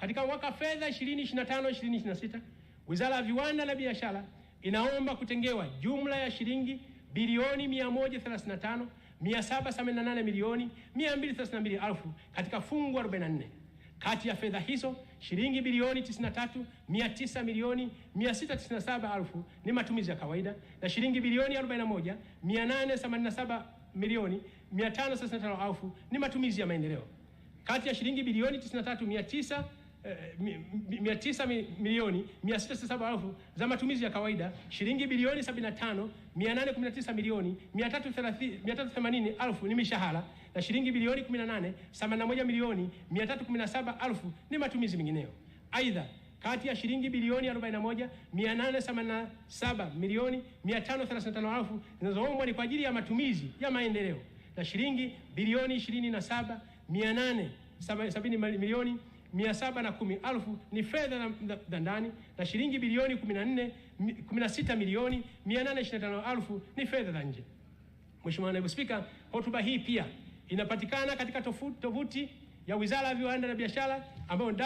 Katika mwaka fedha 2025 2026 Wizara ya Viwanda na Biashara inaomba kutengewa jumla ya shilingi bilioni 135 788 milioni 232 elfu katika fungu 44. Kati ya fedha hizo shilingi bilioni 93 900 milioni 697 elfu ni matumizi ya kawaida na shilingi bilioni 41 887 milioni 535 elfu ni matumizi ya maendeleo. Kati ya shilingi bilioni 93 900 Eh, mia tisa milioni mia sita sitini na saba elfu za matumizi ya kawaida, shilingi bilioni sabini na tano mia nane kumi na tisa milioni mia tatu mia tatu themanini elfu ni mishahara na shilingi bilioni kumi na nane themanini na moja milioni mia tatu kumi na saba elfu ni matumizi mengineyo. Aidha, kati ya shilingi bilioni 41,887 milioni 535 elfu zinazoombwa ni kwa ajili ya matumizi ya maendeleo na shilingi bilioni 27,870 milioni mia saba na kumi ni fedha za ndani na shilingi bilioni 14 16 milioni 825 ni fedha za nje. Mheshimiwa Naibu Spika, hotuba hii pia inapatikana katika tovuti ya Wizara ya Viwanda na Biashara ambayo